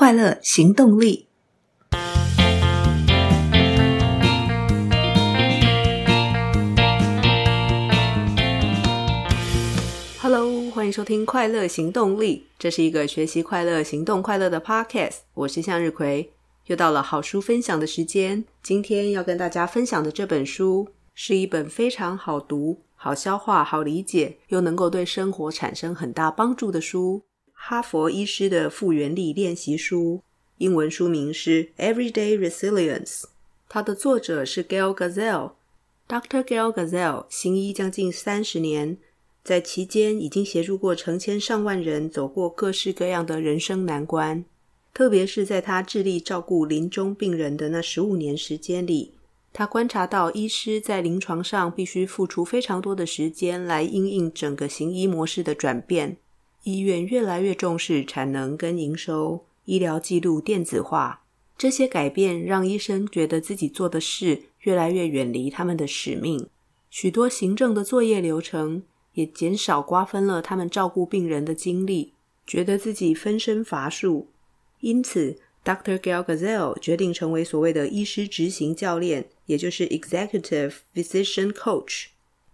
快樂行動力。Hello，歡迎收聽《快樂行動力》，這是一個學習快樂、行動快樂的 Podcast。我是向日葵，又到了好書分享的時間。今天要跟大家分享的這本書，是一本非常好讀、好消化、好理解，又能夠對生活產生很大幫助的書。哈佛醫師的復原力練習書，英文書名是《Everyday Resilience》。它的作者是 Gail Gazelle，Dr. Gail Gazelle 行醫將近三十年，在其間已經協助過成千上萬人走過各式各樣的人生難關。特別是在他致力照顧臨終病人的那十五年時間裡，他觀察到醫師在臨床上必須付出非常多的時間來因應整個行醫模式的轉變。醫院越來越重視產能跟營收，醫療記錄電子化，這些改變讓醫生覺得自己做的事越來越遠離他們的使命。許多行政的作業流程也減少，瓜分了他們照顧病人的精力，覺得自己分身乏術。因此，Dr. Gail Gazelle 決定成為所謂的醫師執行教練，也就是 Executive Physician Coach。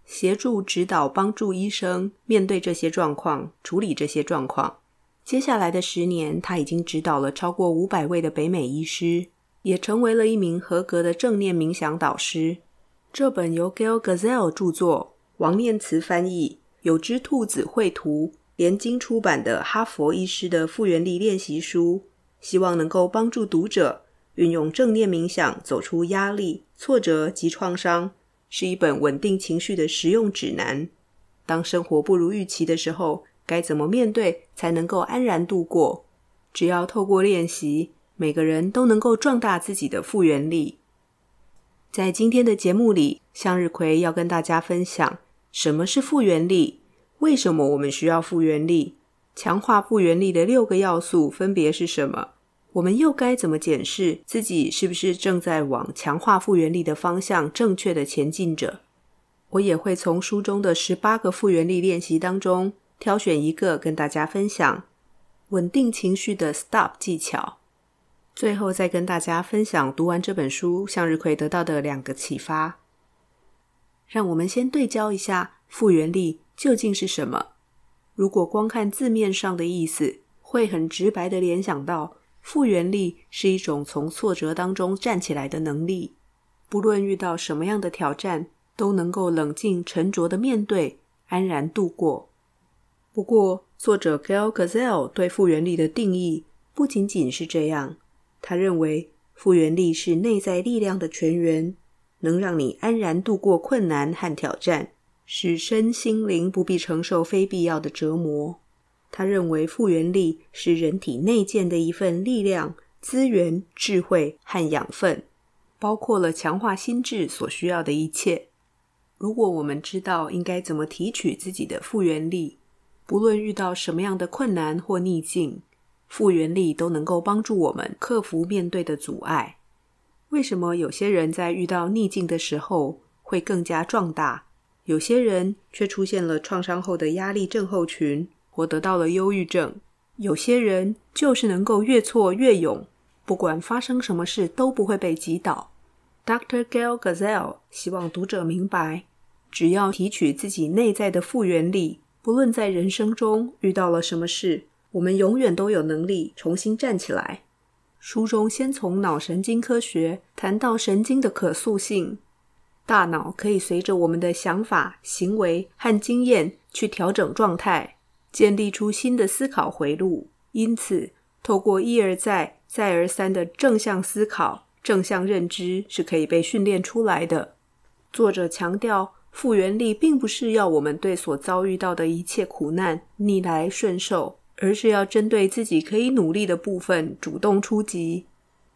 協助、指導、幫助醫生面對這些狀況，處理這些狀況。接下來的十年，他已經指導了超過五百位的北美醫師，也成為了一名合格的正念冥想導師。這本由 Gail Gazelle 著作、王念慈翻譯、有只兔子繪圖、聯經出版的《哈佛醫師的復原力練習書》，希望能夠幫助讀者運用正念冥想走出壓力、挫折及創傷。是一本穩定情緒的實用指南。當生活不如預期的時候，該怎麼面對才能夠安然度過？只要透過練習，每個人都能夠壯大自己的復原力。在今天的節目裡，向日葵要跟大家分享什麼是復原力，為什麼我們需要復原力，強化復原力的六個要素分別是什麼。我們又該怎麼檢視自己是不是正在往強化復原力的方向正確的前進着？我也會從書中的十八個復原力練習當中挑選一個跟大家分享穩定情緒的 Stop 技巧。最後再跟大家分享讀完這本書《向日葵》得到的兩個啟發。讓我們先對焦一下復原力究竟是什麼？如果光看字面上的意思，會很直白的聯想到。復原力是一種從挫折當中站起來的能力，不論遇到什麼樣的挑戰，都能夠冷靜沉着地面對，安然度過。不過，作者 Gail Gazelle 對復原力的定義不僅僅是這樣，他認為復原力是內在力量的泉源，能讓你安然度過困難和挑戰，使身心靈不必承受非必要的折磨。他認為復原力是人體內建的一份力量、資源、智慧和養分，包括了強化心智所需要的一切。如果我們知道應該怎麼提取自己的復原力，不論遇到什麼樣的困難或逆境，復原力都能夠幫助我們克服面對的阻礙。為什麼有些人在遇到逆境的時候會更加壯大，有些人卻出現了創傷後的壓力症候群？我得到了憂鬱症。有些人就是能夠越挫越勇，不管發生什麼事都不會被擊倒。Dr. Gail Gazelle 希望讀者明白，只要提取自己內在的復原力，不論在人生中遇到了什麼事，我們永遠都有能力重新站起來。書中先從腦神經科學談到神經的可塑性，大腦可以隨着我們的想法、行為和經驗去調整狀態。建立出新的思考回路，因此，透過一而再、再而三的正向思考、正向認知，是可以被訓練出來的。作者強調，復原力並不是要我們對所遭遇到的一切苦難逆來順受，而是要針對自己可以努力的部分主動出擊。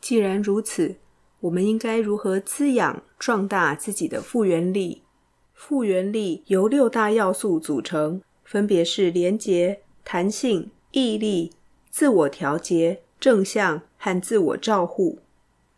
既然如此，我們應該如何滋養壯大自己的復原力？復原力由六大要素組成。分別是連結、彈性、毅力、自我調節、正向和自我照護。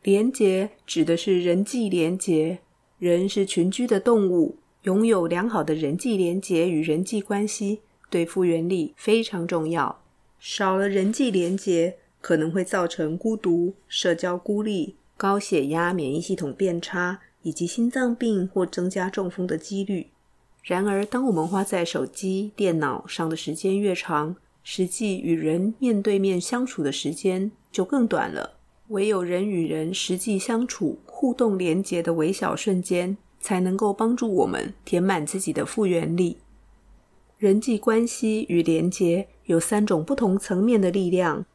連結指的是人際連結，人是群居的動物，擁有良好的人際連結與人際關係，對復原力非常重要。少了人際連結，可能會造成孤獨、社交孤立、高血壓、免疫系統變差，以及心臟病或增加中風的幾率然而，當我們花在手機、電腦上的時間越長，實際與人面對面相處的時間就更短了。唯有人與人實際相處、互動、連結的微小瞬間，才能夠幫助我們填滿自己的復原力。人際關係與連結有三種不同層面的力量。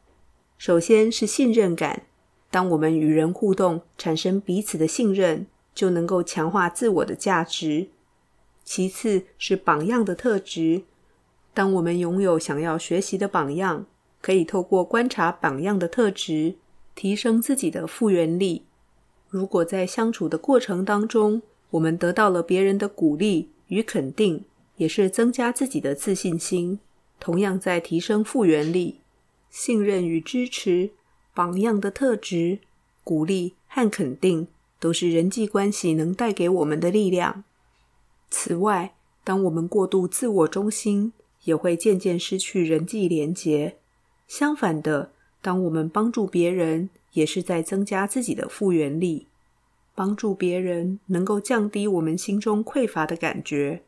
首先是信任感。當我們與人互動，產生彼此的信任，就能夠強化自我的價值。其次是榜樣的特質。當我們擁有想要學習的榜樣，可以透過觀察榜樣的特質，提升自己的復原力。如果在相處的過程當中，我們得到了別人的鼓勵與肯定，也是增加自己的自信心，同樣在提升復原力。信任與支持、榜樣的特質、鼓勵和肯定，都是人際關係能帶給我們的力量。此外，當我們過度自我中心，也會漸漸失去人際連結。相反的，當我們幫助別人，也是在增加自己的復原力。幫助別人能夠降低我們心中匱乏的感覺，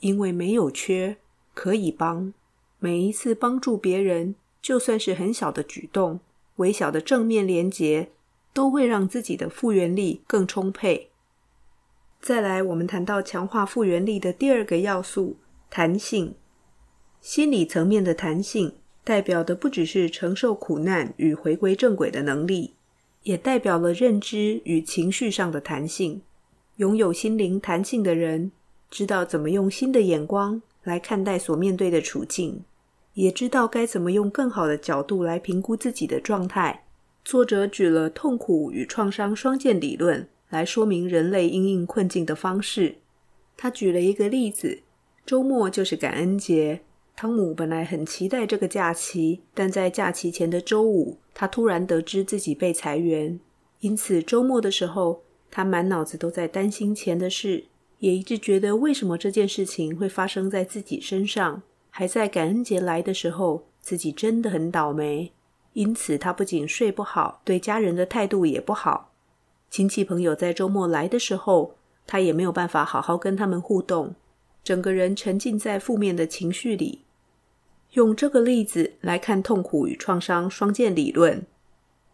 因為沒有缺可以幫。每一次幫助別人，就算是很小的舉動、微小的正面連結，都會讓自己的復原力更充沛。再來，我們談到強化復原力的第二個要素——彈性。心理層面的彈性，代表的不只是承受苦難與回歸正軌的能力，也代表了認知與情緒上的彈性。擁有心靈彈性的人，知道怎麼用新的眼光來看待所面對的處境，也知道該怎麼用更好的角度來評估自己的狀態。作者舉了痛苦與創傷雙劍理論。來說明人類因應困境的方式。他舉了一個例子：週末就是感恩節。湯姆本來很期待這個假期，但在假期前的週五，他突然得知自己被裁員。因此，週末的時候，他滿腦子都在擔心錢的事，也一直覺得為什麼這件事情會發生在自己身上。還在感恩節來的時候，自己真的很倒霉。因此，他不僅睡不好，對家人的態度也不好。親戚朋友在周末來的時候，他也沒有辦法好好跟他們互動，整個人沉浸在負面的情緒裡。用這個例子來看，痛苦與創傷雙箭理論，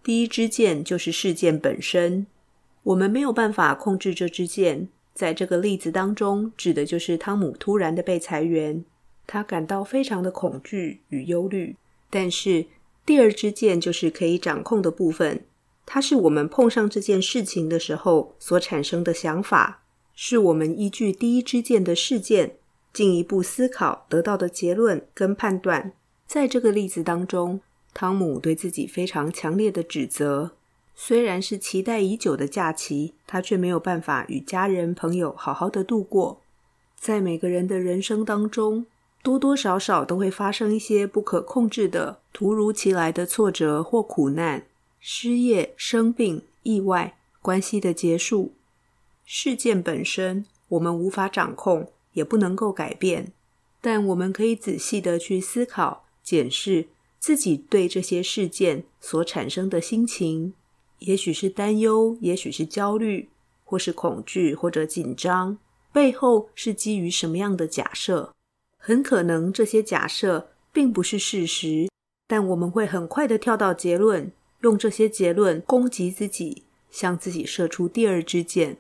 第一支箭就是事件本身，我們沒有辦法控制這支箭，在這個例子當中，指的就是湯姆突然的被裁員，他感到非常的恐懼與憂慮。但是第二支箭就是可以掌控的部分。它是我們碰上這件事情的時候所產生的想法，是我們依據第一支箭的事件進一步思考得到的結論跟判斷。在這個例子當中，湯姆對自己非常強烈的指責，雖然是期待已久的假期，他卻沒有辦法與家人朋友好好的度過。在每個人的人生當中，多多少少都會發生一些不可控制的、突如其來的挫折或苦難。失業、生病、意外、關係的結束，事件本身我們無法掌控，也不能夠改變，但我們可以仔細的去思考、檢視自己對這些事件所產生的心情，也許是擔憂，也許是焦慮，或是恐懼，或者緊張，背後是基於什麼樣的假設？很可能這些假設並不是事實，但我們會很快的跳到結論。用這些結論攻擊自己，向自己射出第二支箭。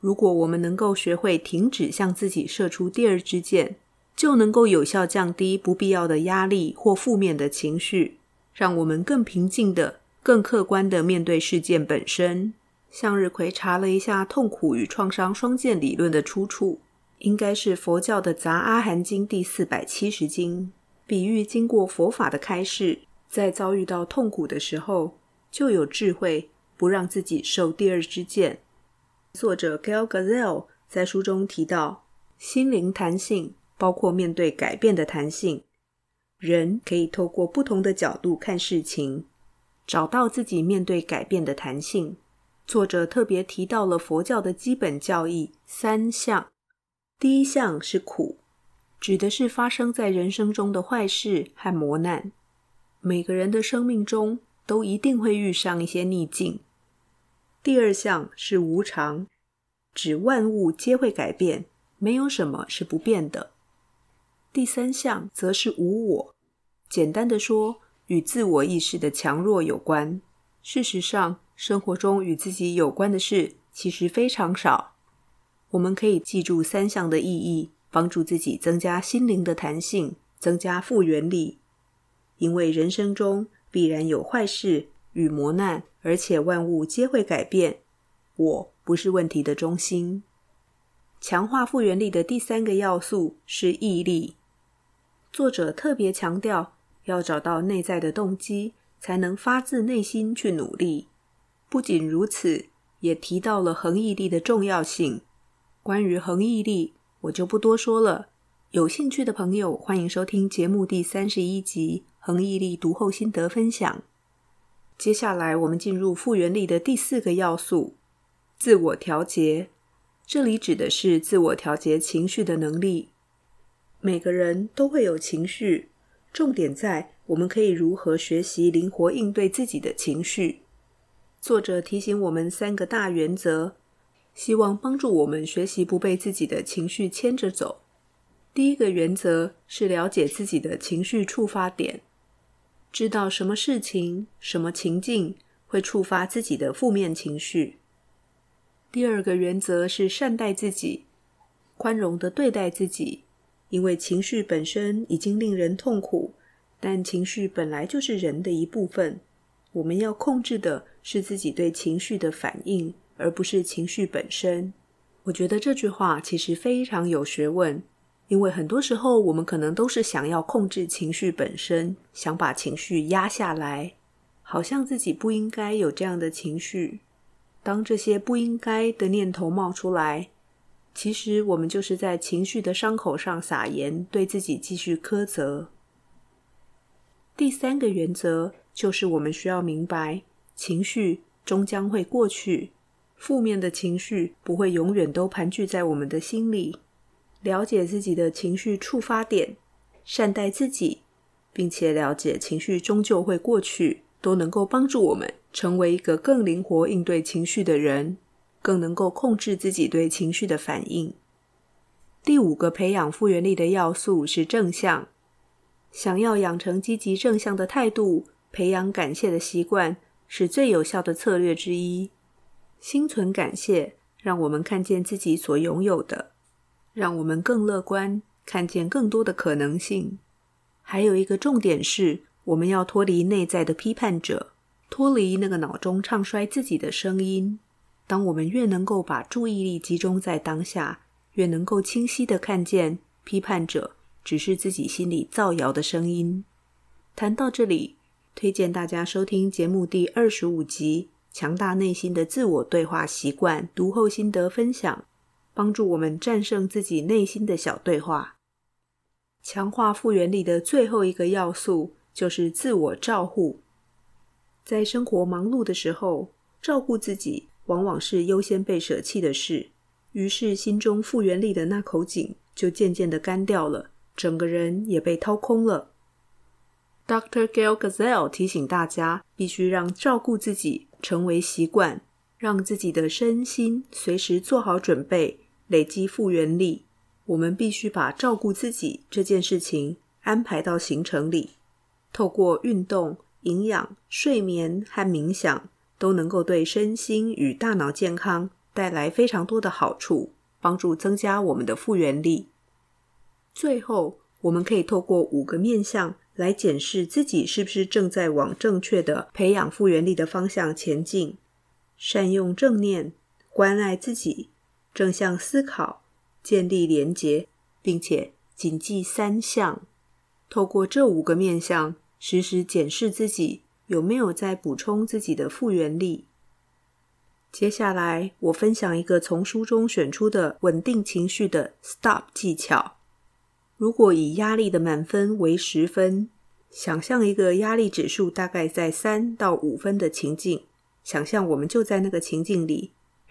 如果我們能夠學會停止向自己射出第二支箭，就能夠有效降低不必要的壓力或負面的情緒，讓我們更平靜的、更客觀的面對事件本身。向日葵查了一下痛苦與創傷雙箭理論的出處，應該是佛教的《雜阿含經》第四百七十經，比喻經過佛法的開示。在遭遇到痛苦的時候，就有智慧不讓自己受第二支箭。作者 Gail Gazelle 在書中提到，心靈彈性包括面對改變的彈性。人可以透過不同的角度看事情，找到自己面對改變的彈性。作者特別提到了佛教的基本教義三項，第一項是苦，指的是發生在人生中的壞事和磨難。每個人的生命中都一定會遇上一些逆境。第二項是無常，指萬物皆會改變，沒有什麼是不變的。第三項則是無我，簡單的說，與自我意識的強弱有關。事實上，生活中與自己有關的事其實非常少。我們可以記住三項的意義，幫助自己增加心靈的彈性，增加復原力。因為人生中必然有壞事與磨難，而且萬物皆會改變。我不是問題的中心。強化復原力的第三個要素是毅力。作者特別強調，要找到內在的動機，才能發自內心去努力。不僅如此，也提到了恆毅力的重要性。關於恆毅力，我就不多說了。有興趣的朋友，歡迎收聽節目第三十一集。恆毅力讀後心得分享。接下來，我們進入復原力的第四個要素——自我調節。這裡指的是自我調節情緒的能力。每個人都會有情緒，重點在我們可以如何學習靈活應對自己的情緒。作者提醒我們三個大原則，希望幫助我們學習不被自己的情緒牽着走。第一個原則是了解自己的情緒觸發點。知道什麼事情、什麼情境會觸發自己的負面情緒。第二個原則是善待自己，寬容的對待自己，因為情緒本身已經令人痛苦，但情緒本來就是人的一部分。我們要控制的是自己對情緒的反應，而不是情緒本身。我覺得這句話其實非常有學問。因為很多時候，我們可能都是想要控制情緒本身，想把情緒壓下來，好像自己不應該有這樣的情緒。當這些不應該的念頭冒出來，其實我們就是在情緒的傷口上撒鹽，對自己繼續苛責。第三個原則就是，我們需要明白，情緒終將會過去，負面的情緒不會永遠都盤踞在我們的心裡。了解自己的情緒觸發點，善待自己，並且了解情緒終究會過去，都能夠幫助我們成為一個更靈活應對情緒的人，更能夠控制自己對情緒的反應。第五個培養復原力的要素是正向。想要養成積極正向的態度，培養感謝的習慣是最有效的策略之一。心存感謝，讓我們看見自己所擁有的。讓我們更樂觀，看見更多的可能性。還有一個重點是，我們要脫離內在的批判者，脫離那個腦中唱衰自己的聲音。當我們越能夠把注意力集中在當下，越能夠清晰地看見批判者只是自己心裡造謠的聲音。談到這裡，推薦大家收聽節目第二十五集《強大內心的自我對話習慣》讀後心得分享。幫助我們戰勝自己內心的小對話，強化復原力的最後一個要素就是自我照護。在生活忙碌的時候，照顧自己往往是優先被捨棄的事，於是心中復原力的那口井就漸漸的乾掉了，整個人也被掏空了。Dr. Gail Gazelle 提醒大家，必須讓照顧自己成為習慣，讓自己的身心隨時做好準備。累積復原力，我們必須把照顧自己這件事情安排到行程裡。透過運動、營養、睡眠和冥想，都能夠對身心與大腦健康帶來非常多的好處，幫助增加我們的復原力。最後，我們可以透過五個面向來檢視自己是不是正在往正確的培養復原力的方向前進。善用正念，關愛自己。正向思考，建立連結，並且謹記三項。透過這五個面向，時時檢視自己有沒有在補充自己的復原力。接下來，我分享一個從書中選出的穩定情緒的 STOP 技巧。如果以壓力的滿分為十分，想象一個壓力指數大概在三到五分的情境，想象我們就在那個情境裡。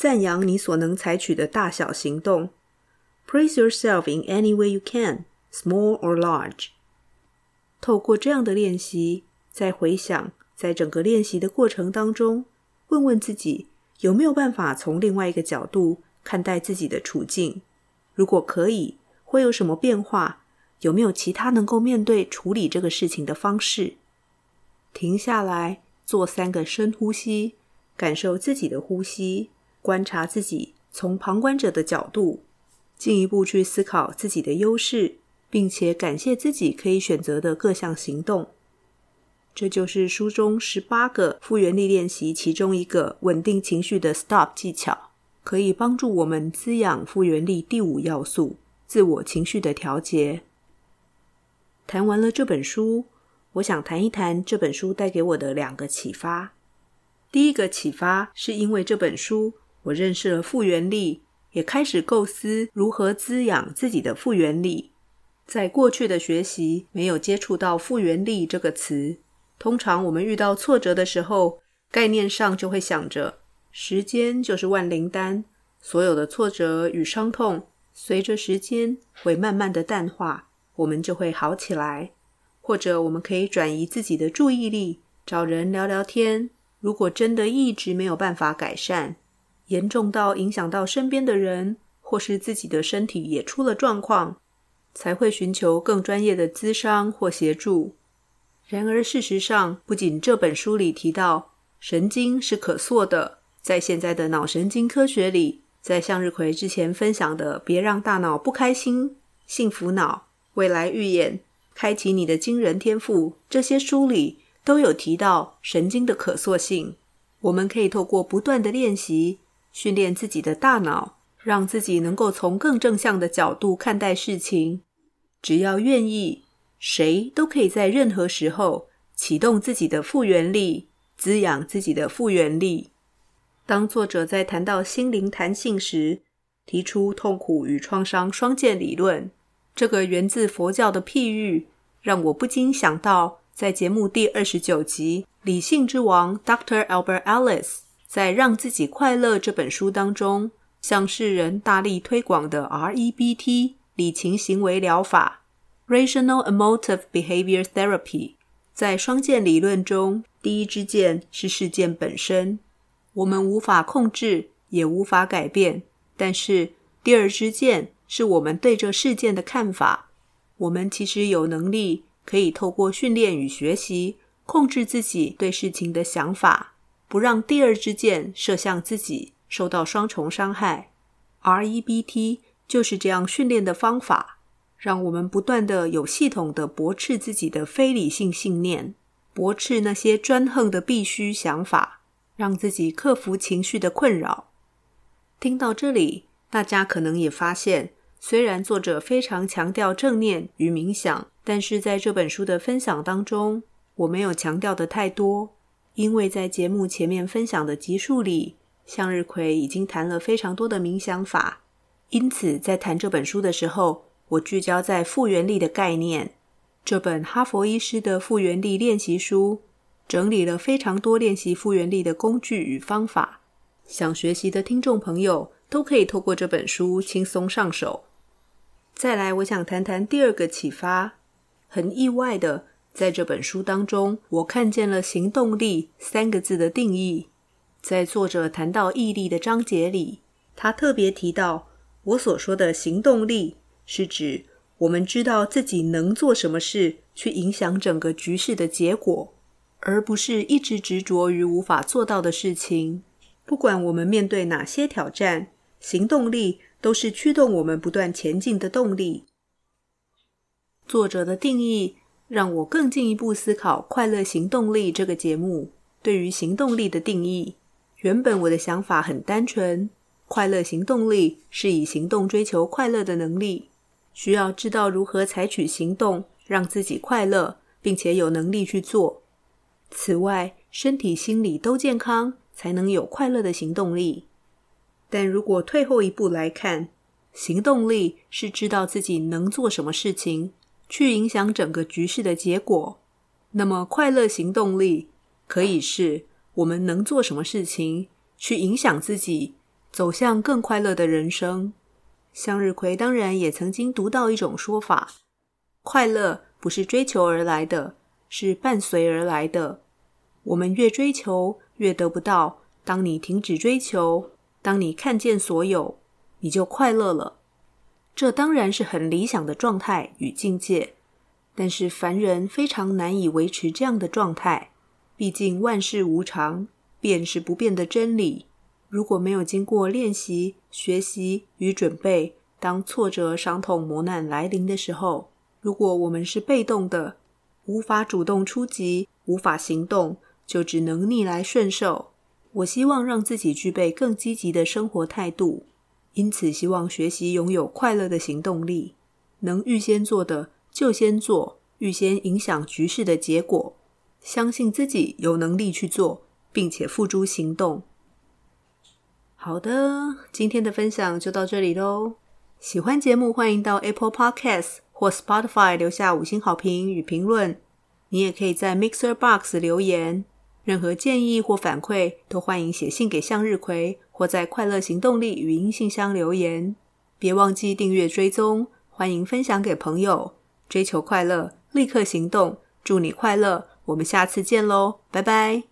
讚揚你所能採取的大小行動，Praise yourself in any way you can, small or large。透過這樣的練習，再回想在整個練習的過程當中，問問自己有沒有辦法從另外一個角度看待自己的處境。如果可以，會有什麼變化？有沒有其他能夠面對處理這個事情的方式？停下來，做三個深呼吸，感受自己的呼吸。觀察自己，從旁觀者的角度，進一步去思考自己的優勢，並且感謝自己可以選擇的各項行動。這就是書中十八個復原力練習其中一個穩定情緒的 STOP 技巧，可以幫助我們滋養復原力第五要素——自我情緒的調節。談完了這本書，我想談一談這本書帶給我的兩個啟發。第一個啟發是因為這本書。我認識了復原力，也開始構思如何滋養自己的復原力。在過去的學習，沒有接觸到“復原力”這個詞，通常我們遇到挫折的時候，概念上就會想着，時間就是萬靈丹，所有的挫折與傷痛，隨着時間會慢慢的淡化，我們就會好起來。或者我們可以轉移自己的注意力，找人聊聊天。如果真的一直沒有辦法改善，嚴重到影響到身邊的人，或是自己的身體也出了狀況，才會尋求更專業的諮商或協助。然而，事實上，不僅這本書裡提到神經是可塑的，在現在的腦神經科學裡，在向日葵之前分享的《別讓大腦不開心》《幸福腦》《未來預演》《開啟你的驚人天賦》這些書裡都有提到神經的可塑性。我們可以透過不斷的練習。訓練自己的大腦，讓自己能夠從更正向的角度看待事情。只要願意，誰都可以在任何時候啟動自己的復原力，滋養自己的復原力。當作者在談到心靈彈性時，提出“痛苦與創傷雙箭”理論，這個源自佛教的譬喻，讓我不禁想到在節目第二十九集《理性之王》Dr. Albert Ellis。在讓自己快樂這本書當中，向世人大力推廣的 REBT 理情行為療法 （Rational Emotive Behavior Therapy）。在雙箭理論中，第一支箭是事件本身，我們無法控制也無法改變；但是第二支箭是我們對這事件的看法。我們其實有能力可以透過訓練與學習，控制自己對事情的想法。不讓第二支箭射向自己，受到雙重傷害。REBT 就是這樣訓練的方法，讓我們不斷的有系統的駁斥自己的非理性信念，駁斥那些專橫的必須想法，讓自己克服情緒的困擾。聽到這裡，大家可能也發現，雖然作者非常強調正念與冥想，但是在這本書的分享當中，我沒有強調的太多。因為在節目前面分享的集數裡，向日葵已經談了非常多的冥想法，因此在談這本書的時候，我聚焦在復原力的概念。這本哈佛醫師的復原力練習書，整理了非常多練習復原力的工具與方法，想學習的聽眾朋友都可以透過這本書輕鬆上手。再來，我想談談第二個啟發，很意外的。在這本書當中，我看見了“行動力”三個字的定義。在作者談到毅力的章節裡，他特別提到，我所說的行動力是指我們知道自己能做什麼事，去影響整個局勢的結果，而不是一直執着於無法做到的事情。不管我們面對哪些挑戰，行動力都是驅動我們不斷前進的動力。作者的定義，讓我更進一步思考“快樂行動力”這個節目對於行動力的定義。原本我的想法很單純，快樂行動力是以行動追求快樂的能力，需要知道如何採取行動，讓自己快樂，並且有能力去做。此外，身體、心理都健康，才能有快樂的行動力。但如果退後一步來看，行動力是知道自己能做什麼事情。去影響整個局勢的結果，那麼快樂行動力可以是我們能做什麼事情去影響自己，走向更快樂的人生。向日葵當然也曾經讀到一種說法：快樂不是追求而來的，是伴隨而來的。我們越追求，越得不到。當你停止追求，當你看見所有，你就快樂了。這當然是很理想的狀態與境界，但是凡人非常難以維持這樣的狀態。畢竟萬事無常，變是不變的真理。如果沒有經過練習、學習與準備，當挫折、傷痛、磨難來臨的時候，如果我們是被動的，無法主動出擊，無法行動，就只能逆來順受。我希望讓自己具備更積極的生活態度。因此，希望學習擁有快樂的行動力，能預先做的就先做，預先影響局勢的結果。相信自己有能力去做，並且付諸行動。好的，今天的分享就到這裡咯。喜歡節目，歡迎到 Apple Podcast 或 Spotify 留下五星好評與評論。你也可以在 Mixer Box 留言。任何建議或反饋都歡迎寫信給向日葵，或在快樂行動力語音信箱留言。別忘記訂閱追蹤，歡迎分享給朋友。追求快樂，立刻行動。祝你快樂，我們下次見嘍，拜拜。